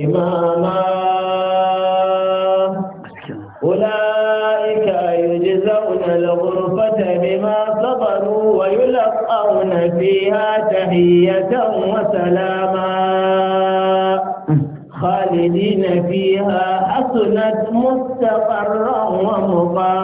إماما أولئك يجزون الغرفة بما صبروا ويلقون فيها تحية وسلاما خالدين فيها حسنت مستقرا ومقاما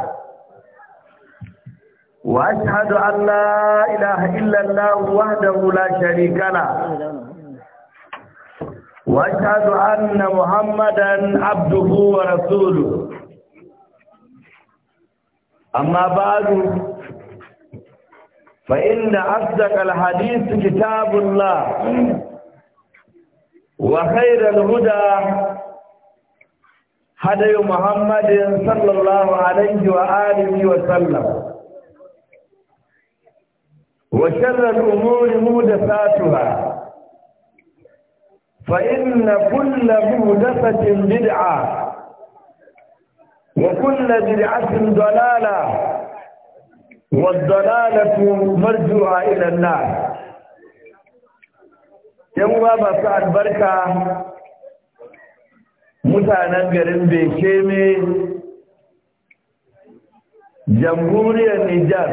وأشهد أن لا إله إلا الله وحده لا شريك له وأشهد أن محمدا عبده ورسوله أما بعد فإن أصدق الحديث كتاب الله وخير الهدى هدي محمد صلى الله عليه وآله وسلم وشر الأمور مودثاتها فإن كل مودثة بدعة وكل بدعة ضلالة والضلالة مرجوها إلى النار يوم مساء البركة mutanen garin بشيمي جمهوري Nijar,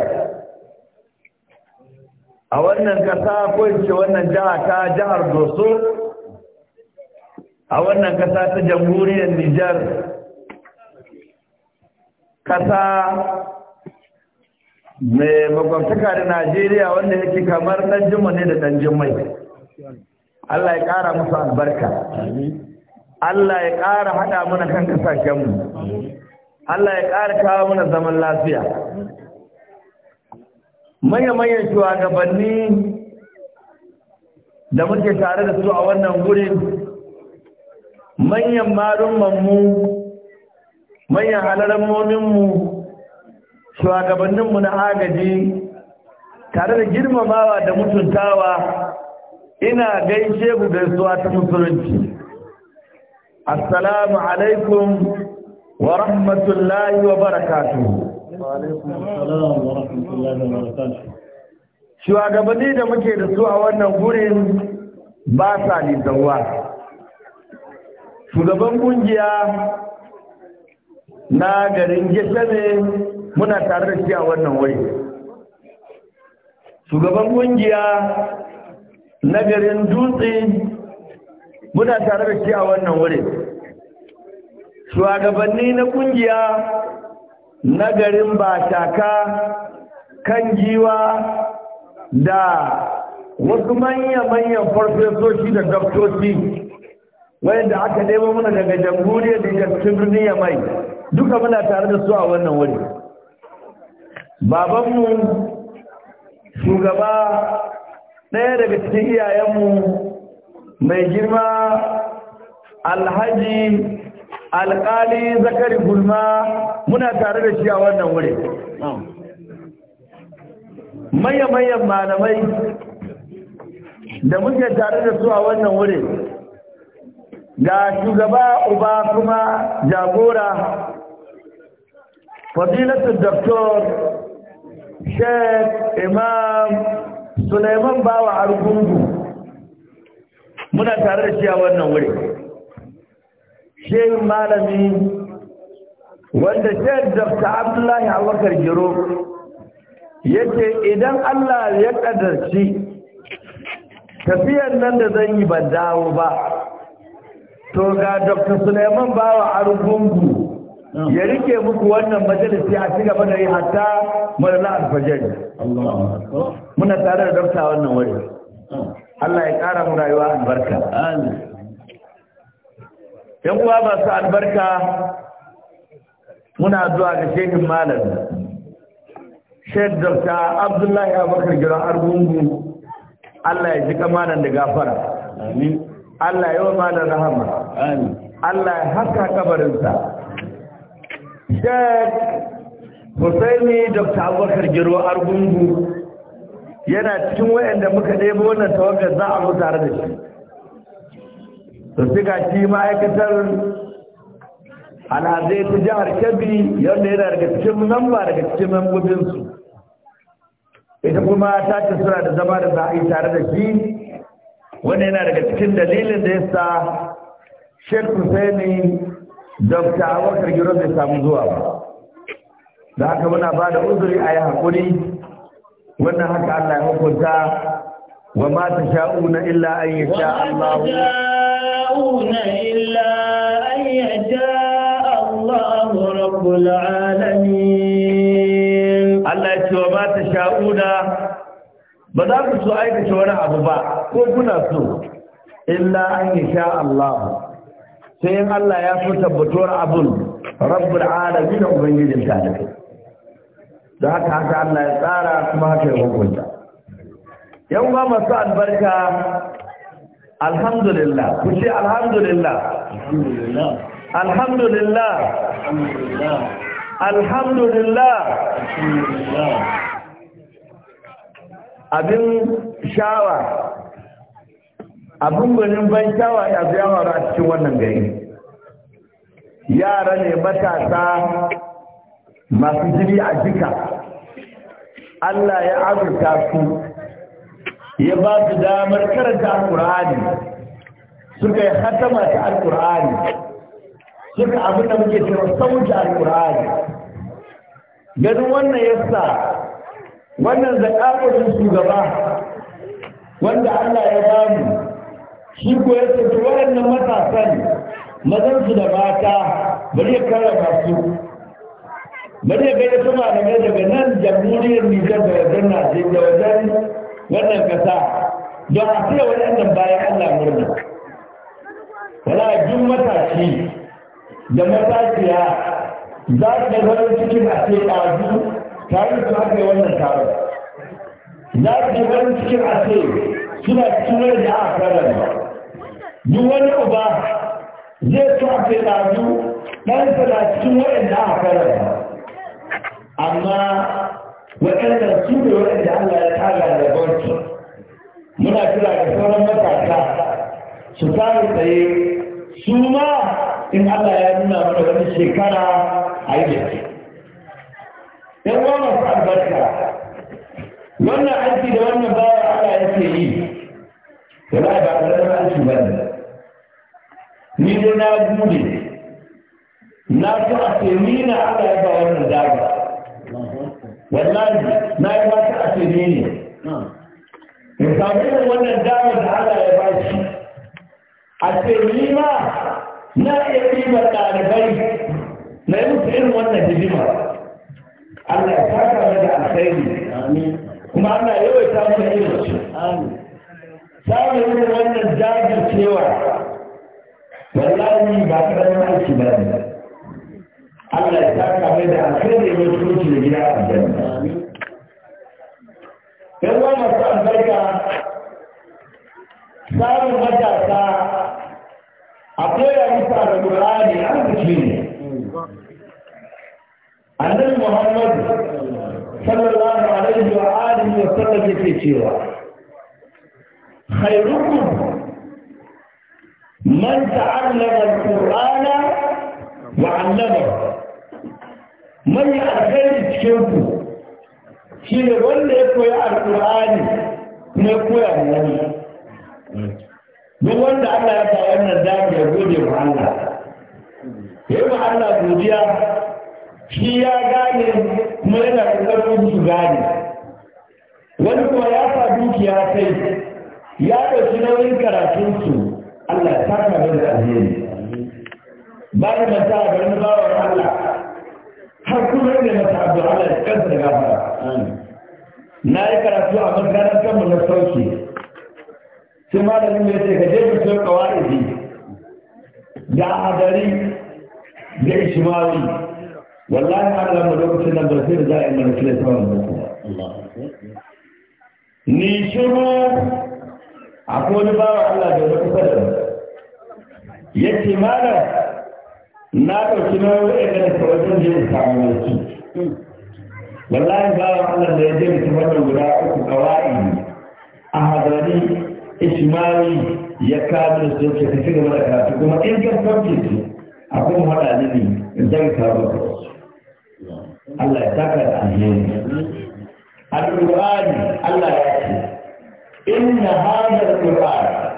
a wannan kasa ko ce wannan jiha ta jihar doso a wannan kasa ta jamhuriyar nijar kasa mai makwabtaka da najeriya wanda yake kamar dan jima ne da dan jimai allah ya ƙara musu albarka allah ya ƙara haɗa mana kan ƙasashenmu allah ya ƙara kawo mana zaman lafiya manya-manyan shugabanni da muke tare da su a wannan gurin manyan marumanmu manyan shugabannin shugabanninmu na agaji tare da girmamawa da mutuntawa ina gaishe ku gaisuwa ta musulunci assalamu alaikum wa rahmatullahi wa barakatuhu Shugabanni da muke da su a wannan gurin ba sa nisanwa. Shugaban kungiya na garin ne muna tare da shi a wannan wuri. Shugaban kungiya na garin Dutse muna tare da shi a wannan wuri. Shugabanni na kungiya Nagarin garin bataka kan giwa da wasu manya-manyan farfesoshi da daftoshi wadanda aka nemo muna daga jamhuriya da birnin mai duka muna tare da su a wannan wuri babanmu shugaba ɗaya daga cikin iyayenmu mai girma alhaji alƙali zakari gulma muna tare da shi a wannan wuri manya malamai da muke tare da su a wannan wuri ga shugaba uba kuma jagora fadilatu doktor sheik imam suleiman bawa argungu muna tare da shi a wannan wuri shehin malami wanda shehin dafta abdullahi abubakar giro ce idan allah ya ƙadarci tafiyar nan da zan yi ban dawo ba to ga dr suleiman bawa arugungu ya rike muku wannan majalisi a ci gaba da yi hatta marana alfajar muna tare da dr wannan wuri ah. Allah ya ƙara mu rayuwa albarka. barka. yan uwa masu albarka muna zuwa da shekin malar shek dokta abdullahi abubakar gidan argungu allah ya ji kamanan da gafara allah ya wa malar rahama allah ya haka kabarinsa shek husaini Dokta abubakar giro argungu yana cikin da muka ɗaya wannan tawagar za a mu tare da shi to siga shi ma'aikatar zai ta jihar kebbi yadda yana daga cikin lamba daga cikin mambobinsu ita kuma ta ce suna da zama da za tare da shi wanda yana daga cikin dalilin da ya sa sheikh husaini dr abubakar giro bai samu zuwa ba da haka muna ba da uzuri a yi haƙuri wannan haka allah ya hukunta wa ma ta sha'una illa an yi sha allahu يشفعون إلا أن يشاء الله رب العالمين الله تشاءون ba za ku so aikata wani abu ba ko kuna so illa an yasha Allah sai Allah ya so tabbatuwar abun rabbul alamin ubangijin ta da da haka haka Allah ya tsara kuma haka ya hukunta yan ba masu albarka alhamdulillah ku ce alhamdulillah alhamdulillah alhamdulillah abin shawa abin gwanin ban shawa ya fi yawara cikin wannan gari yara ne matasa masu jiri a jika Allah ya azurta su ya ba su damar karanta alkur'ani suka yi hatama ta alkur'ani suka abin da muke cewa sauki alkur'ani ganin wannan yasa wannan su shugaba wanda Allah ya bamu shi ko ya ce waɗannan matasan mazansu da mata bari ya karama su bari ya gaya su malamai daga nan jamhuriyar Nijar da wajen Najeriya wajen wannan kasa don a fiye waɗannan bayan Allah murna wala duk matashi da matashiya za su da zarar cikin a ce ƙazu tare su haka yi wannan taron za su da zarar cikin a ce suna cikin da a karanta duk wani uba zai su haka ce ɗazu ɗansa na cikin waɗanda a karanta amma waɗannan su ne waɗanda Allah ya tara da barci muna kira da sauran matasa su tare tsaye su ma in Allah ya nuna mana wani shekara a yi da shi. ‘Yan wama su albarka, wannan aiki da wannan bawa Allah ya ke yi, da ba ba ƙarfin aiki ba ne. Ni dai na gude, na so a ce ni na Allah ya wallahi na yi mata a tebe ne in samu irin wannan damar da Allah ya bashi a ce ma na iya ɗibar ɗalibai na yi musu irin wannan hidima Allah ya saka mu da alkhairi kuma Allah ya yawaita mu da irin su samun irin wannan jajircewa wallahi ba ƙaramin aiki ba ne Allah ya saka mai da alkhairi mai tuci da gida a janna dan wannan sa albarka samun matasa a koya musu alƙur'ani arziki ne annabi muhammad sallallahu alaihi wa alihi wa sallam yake cewa khairukum من تعلم القرآن وعلمه mai alkhairi cikin ku shi ne wanda ya koyi alkur'ani kuma ya koya da duk wanda Allah ya sa wannan dami ya gode wa Allah ya yi Allah godiya shi ya gane kuma yana ƙarfin su gane wani kuma ya sa dukiya sai ya ɗauki nauyin su Allah ya saka da alheri bayan manta da garin bawan Allah kuma kuma ne na ta'addu ala da kansa da gafara na yi karatu a makarantar mu na sauki sai malamin mai ce ka je ka so kawai da hadari da ishmawi wallahi Allah mu lokacin nan ba sai da za a yi mana kila tsawon ni shiru akwai wani bawa Allah da ya kusa da Yake malam na ɗauki nauyin wa'yan da sauran je in samu wasu wallahi wa Allah da ya je mutum wannan guda uku kawai a hadari ishmawi ya kawo da su yake ka cigaba da karatu kuma in ka sauke su a kuma haɗa ne ne in zan kawo da wasu Allah ya saka da alheri al-Qur'ani Allah ya ce inna hadha al-Qur'an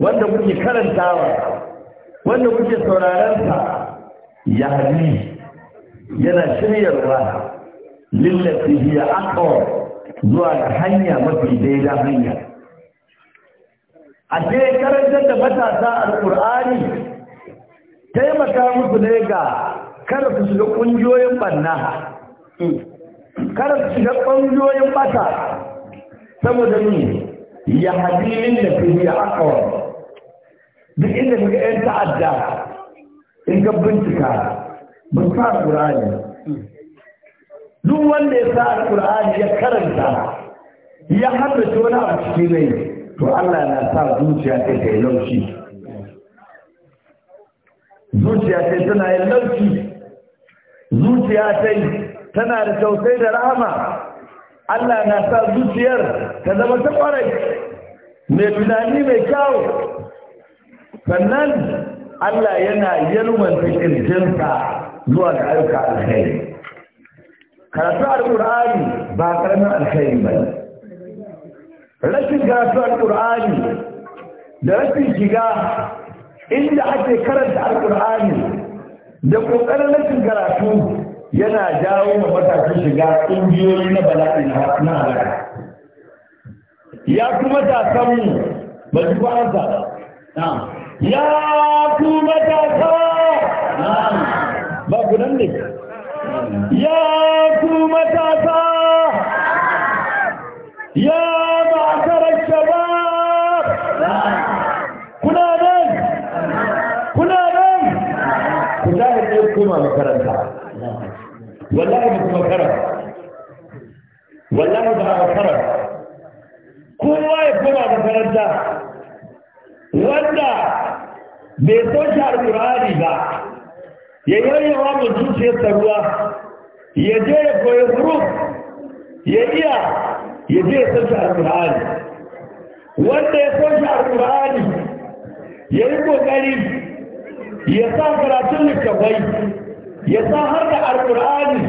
wanda kuke karantawa wanda kuke saurarensa ya hadi yana shiryarwa lillafi hiya aqwa zuwa ga hanya mafi daidai hanya a ce karantar da matasa alqur'ani taimaka musu ne ga kada su shiga kungiyoyin banna kada su shiga kungiyoyin bata saboda ni ya hadi lillafi hiya aqwa duk inda muka yan ta'adda in ga bincika ba fara qurani duk wanda ya sa Al-Qur'ani ya karanta ya haddace wani abu cikin to Allah na sa zuciya ta ta laushi zuciya ta tana yin laushi zuciya ta tana da tausayi da rahama Allah na sa zuciyar ta zama ta kwarai mai tunani mai kyau. sannan Allah yana yalwanta kirjinsa zuwa ga aika alkhairi karatu alkur'ani ba karamin alkhairi ba rashin karatu alkur'ani da rashin shiga inda ake karanta alkur'ani da ƙoƙarin rashin karatu yana jawo ma matasan shiga ƙungiyoyi na bala'i na halaka ya kuma matasan mu ba su ba ya ku matasa ba ne ya ku matasa ya jirginsa ruwa ya je ya koyi huruf ya iya ya je ya san shi wanda ya san shi alƙur'ani ya yi ƙoƙari ya sa karatun littafai ya sa har da alƙur'ani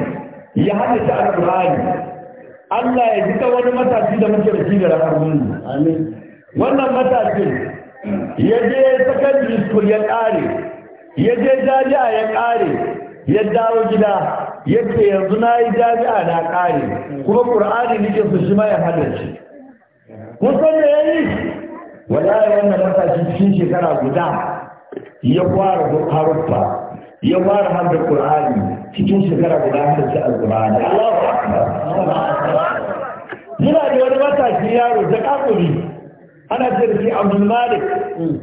ya haddace alƙur'ani Allah ya jika wani matashi da muke da shi da rahamun wannan matashi ya je sakandare school ya ƙare ya je jami'a ya ƙare ya dawo gida yadda yanzu na yi jami'a na ƙari kuma ƙur'ani nike su shi mai halarci kun san da ya yi wallahi wannan matashi cikin shekara guda ya fara haruffa ya fara har da ƙur'ani cikin shekara guda har ci alƙur'ani Allahu muna da wani matashi yaro da ƙaƙuri ana ce da shi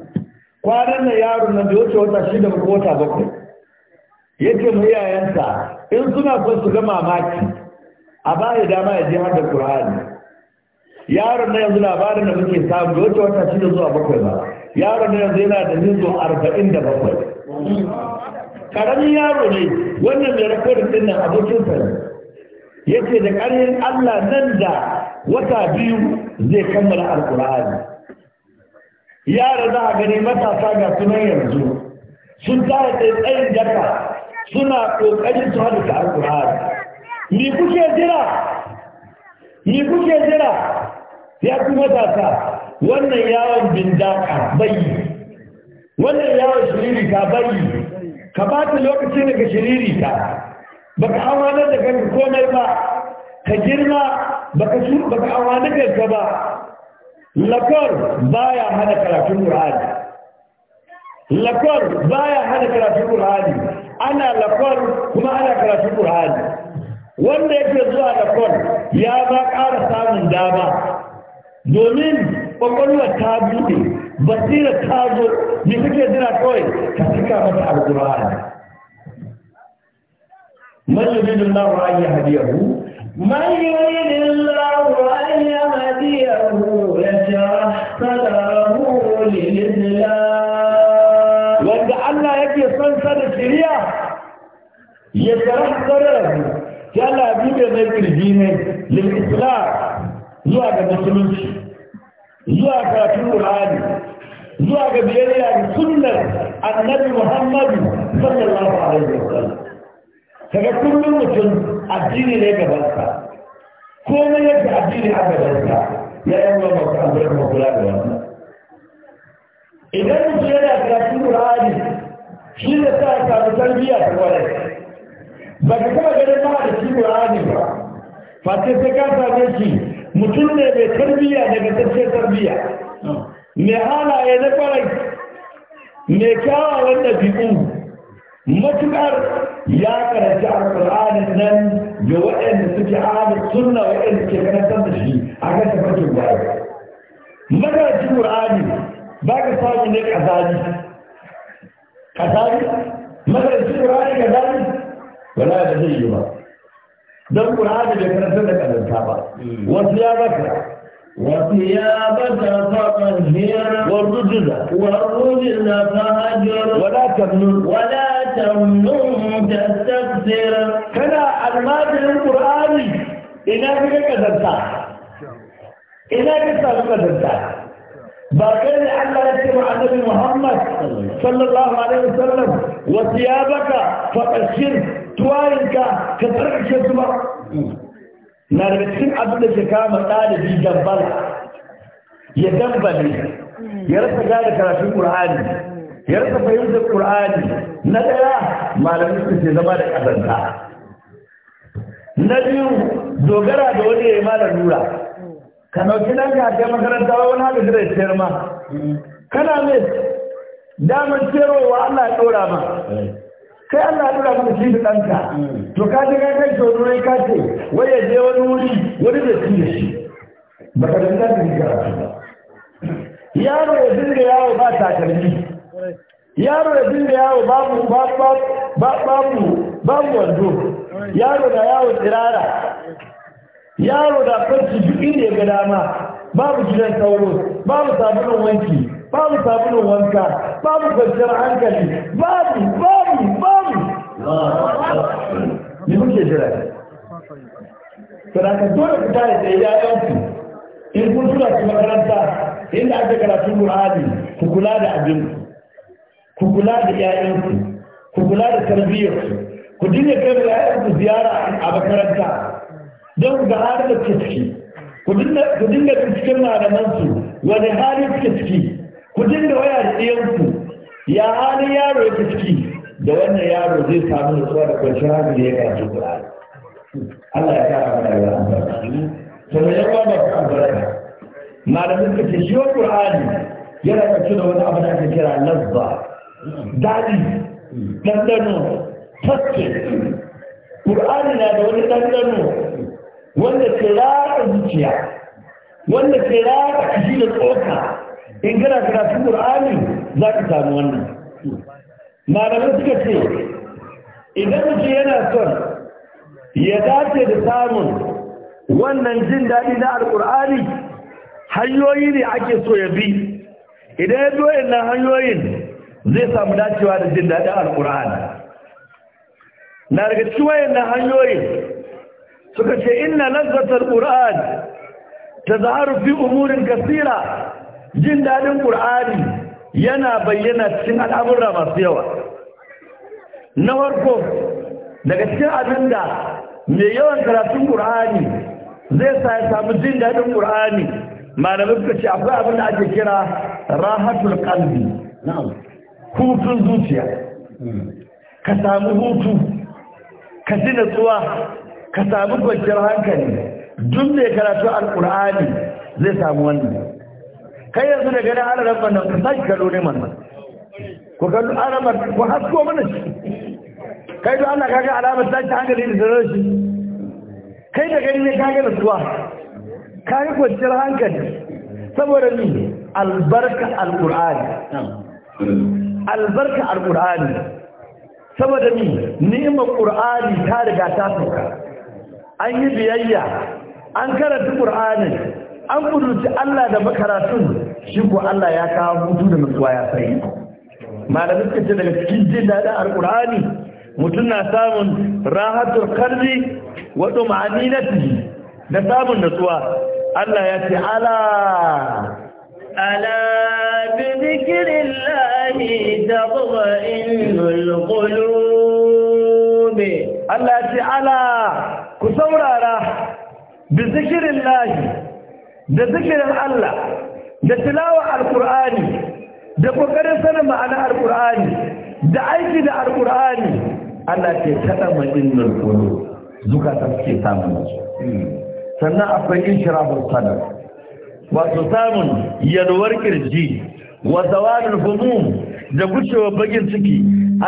kwanan nan yaro nan da wuce wata shida ko wata bakwai yake mai 'ya'yanta, in suna son su ga mamaki a baya dama ya je hada Qur'ani yaron na yanzu labarin da muke samu da wata wata shida zuwa bakwai ba yaron na yanzu yana da nizo arba'in da bakwai karamin yaro ne wannan mai rakodin din nan abokin sa ne ya da ƙarfin Allah nan da wata biyu zai kammala alƙur'ani yara za a gani matasa ga sunan yanzu sun tsaye tsayin jaka suna ƙoƙarin su haɗu ta alƙur'ani ni kuke jira ni kuke jira ya ku matasa wannan yawon bindaka bai wannan yawon shiriri ka bayi ka ba ta lokaci daga shiriri ka baka da kanka komai ba ka girma ba baka su baka amanar da ba lakar baya hana karatun qur'ani lafar baya hana karatun Qur'ani ana lafar kuma ana karatun Qur'ani wanda yake zuwa lafar ya ba ƙara samun dama domin kwakwalwa ta buɗe basira ta zo ne kake jira kawai ka cika mata alƙur'ani man yuridu Allahu an yahdiyahu man yuridu Allahu an yahdiyahu yashrah sadrahu lil-islam yake son sa da shiriya ya tsara tsara ya labi da na kirji ne lil islam zuwa ga musulunci zuwa ga turani zuwa ga biyayya ga sunnar annabi muhammadu sallallahu alaihi wa wasallam kaga kullum mutum addini ne gabansa komai yake addini a gabansa ya yi wa masu kuma kula da wannan idan mutum yana karatun ƙur'ani shi da sa ya samu tarbiyya ta kwarai ba ka taba ganin ma da shi ba fata sai ka same shi mutum ne mai tarbiyya daga tafiye tarbiyya mai halaye na kwarai mai kyawawan ɗabi'u matuƙar ya karanci alƙur'anin nan ga waɗanda suke ahalin sunna waɗanda ke karantar da shi a kan tafarkin baya makarantun ƙur'ani ba ka sami ne ƙazali كذلك مثلا في القرآن كذلك ولا يزيد بقى ده القرآن اللي كان سنة الكعبة وثيابك وثيابك فطهر والرجل والرجل فهجر ولا تمنن ولا تمنن تستكثر كلا المادة القرآن إلى بك كذبتها إلى بك كذبتها ba kai ne Allah ya ce annabi Muhammad sallallahu alaihi wasallam wa thiyabaka faqashir tuwarinka ka tsarkake su ba na daga cikin abin da ke kama ɗalibi dambala ya dambale ya rasa gane karatun Qur'ani ya rasa fahimtar Qur'ani na ɗaya malamin su ke zama da ƙazanta na biyu dogara da wani ya yi malar nura ka ɗauki nan ka kai makaranta wani haka kira ciyar ma kana ne damar ciyarwa Allah ya ɗora ma kai Allah ya ɗora mana shi da ɗanka to ka ji ka kai sau ruwan ka ce wai ya je wani wuri wani da ci shi ba ka dinga da ba yaro ya dinga yawo ba takalmi yaro ya dinga yawo babu babu babu babu wando yaro na yawo tsirara yaro da farci duk inda ya ga dama babu gidan sauro babu sabulun wanki babu sabulun wanka babu kwanciyar hankali babu babu babu ne muke jira sadaka dole da tare ya yayanku in kun suna su makaranta inda aka karatu Qur'ani ku kula da abin ku kula da yayanku ku kula da tarbiyyar ku dinga kai da yayanku ziyara a makaranta don ga halin da suke ciki ku dinga malaman su wani hali suke ciki ku dinga waya da ɗiyanku ya halin yaro yake ciki da wannan yaro zai samu da nutsuwa da kwanciyar da ya karanci Qur'ani Allah ya kara mana da amfani sannan ya ba da albarka malamin suka ce shi Qur'ani yana ɗauke da wani abu da ake kira lazza daɗi ɗanɗano taske Qur'ani na da wani ɗanɗano wanda ke rata zuciya wanda ke rata kashi da tsoka in kana karatun qur'ani za ka samu wannan Malamin suka ce idan mutum yana son ya dace da samun wannan jin daɗi na alƙur'ani hanyoyi ne ake so ya bi idan ya zo na hanyoyin zai samu dacewa da jin daɗin alƙur'ani na daga cikin wayannan hanyoyin suka ce inna lazzatar ta tazharu fi umurin kasira jin daɗin ƙurani yana bayyana cikin al'amurra masu yawa na farko daga cikin abinda mai yawan karatun Al-ƙur'ani zai sa ya samu jin daɗin qur'ani malamai suka ce akwai abin da ake kira rahatul qalbi hutun zuciya hmm. ka samu hutu ka ji natsuwa ka samu kwanciyar hankali duk mai karatu ƙurani zai samu wannan kai yanzu da gani ana rabar nan ka sake kallo ne mana Ko kallo ana rabar ko hasko mana shi kai da Allah kaga alamar tashi hankali da zarar shi kai da gani ne kaga nutsuwa kaga kwanciyar hankali saboda ni albarka Al-ƙur'ani. albarka Al-ƙur'ani. saboda ni ni'imar ƙur'ani ta riga ta sauka an yi biyayya an karanta ƙur'anin an kuruci Allah da makaratun shi ko Allah ya kawo hutu da nutsuwa ya sai malami suka ce daga cikin jin daɗin alƙur'ani mutum na samun rahatul kalli wa ɗuma'aninati da samun nutsuwa Allah ya ce ala ala bi zikrillahi tatma'innul qulub Allah ya ce ala ku saurara bi zikirin lahi da zikirin Allah da tilawa alkur'ani da kokarin sanin ma'ana alkur'ani da aiki da alkur'ani Allah ke kada madinnin kuro zukata suke samun sannan akwai inshirahul sadar wato samun yalwar kirji wa zawalul humum da gushewa bagin ciki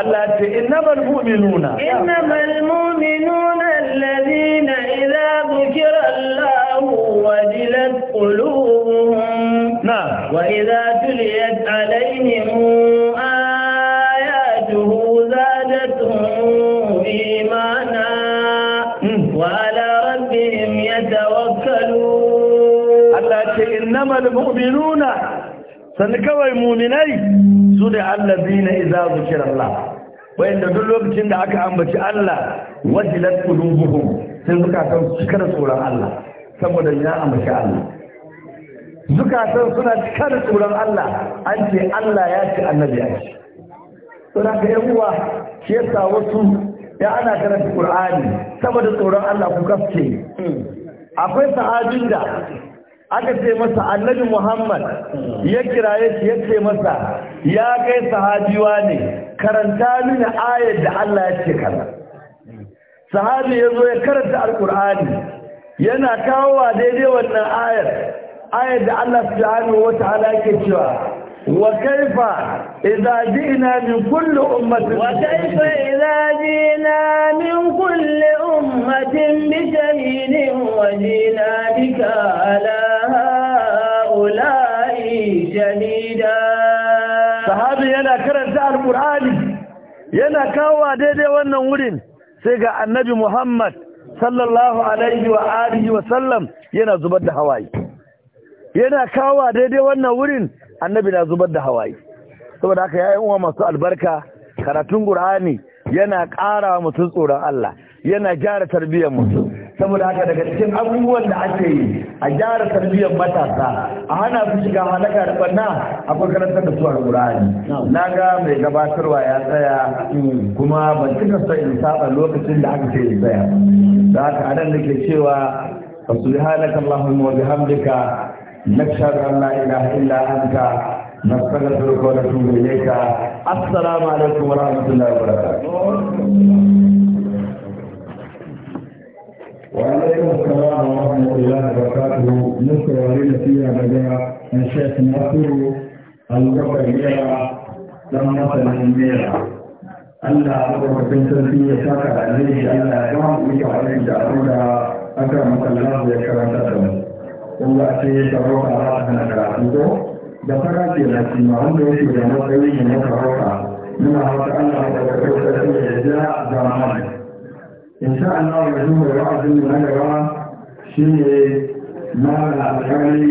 Allah ce innamal mu'minuna innamal mu'minuna الذين إذا ذكر الله وجلت قلوبهم نعم وإذا تليت عليهم آياته زادتهم إيمانا وعلى ربهم يتوكلون الله إنما المؤمنون سنكوى المؤمنين سنع الذين إذا ذكر الله wayanda duk lokacin da aka ambaci Allah wajilat qulubuhum sai suka su cika da tsoron Allah saboda ya ambaci Allah zukatan suna cikar tsoron Allah an ce Allah ya ce annabi ya ce to da ga uwa ke sa wasu ya ana karanta Qur'ani saboda tsoron Allah ku kafce akwai sahabin da aka ce masa annabi Muhammad ya kiraye shi ya ce masa ya kai sahabiwa ne karanta mini ayar da Allah ya ce kaza sahabi ya zo ya karanta alkur'ani yana kawowa daidai wannan ayar ayar da Allah subhanahu wata'ala yake cewa wa kaifa idza ji'na min kulli ummatin wa kaifa idza ji'na min kulli ummatin bi shahidin wa bika ala shahida hali yana kawowa daidai wannan wurin sai ga annabi Muhammad sallallahu alaihi wa alihi wa sallam yana zubar da hawaye yana kawowa daidai wannan wurin annabi na zubar da hawaye saboda haka yayin uwa masu albarka karatun Qur'ani yana ƙara mutum tsoron Allah yana gyara tarbiyyar mutum saboda haka daga cikin abubuwan da ake yi a gyara tarbiyyar matasa a hana su shiga halaka da banna a makarantar da su alƙur'ani na ga mai gabatarwa ya tsaya kuma ban cika so in saba lokacin da aka ce in tsaya da haka nan nake cewa subhanaka allahumma wa bihamdika nashhadu an la ilaha illa anta natubu ilayka assalamu alaikum wa rahmatullahi wa barakatuh وعليكم السلام ورحمة الله وبركاته نشكر علينا فيها بجاء الشيخ ناصر البكر جرى لما نصل الميرا ألا أبو بنت فيه سكر عليه ألا يوم يجعل يجعلون أكرم الله يكرمك wanda ce ya sarauta za ta hana karatu ko da fara ce na cima أحوال yake da matsayi ne na sarauta muna wata allah da karfafa ya ja zamani إن شاء الله يجوز بعض ما يرى شيء ما لا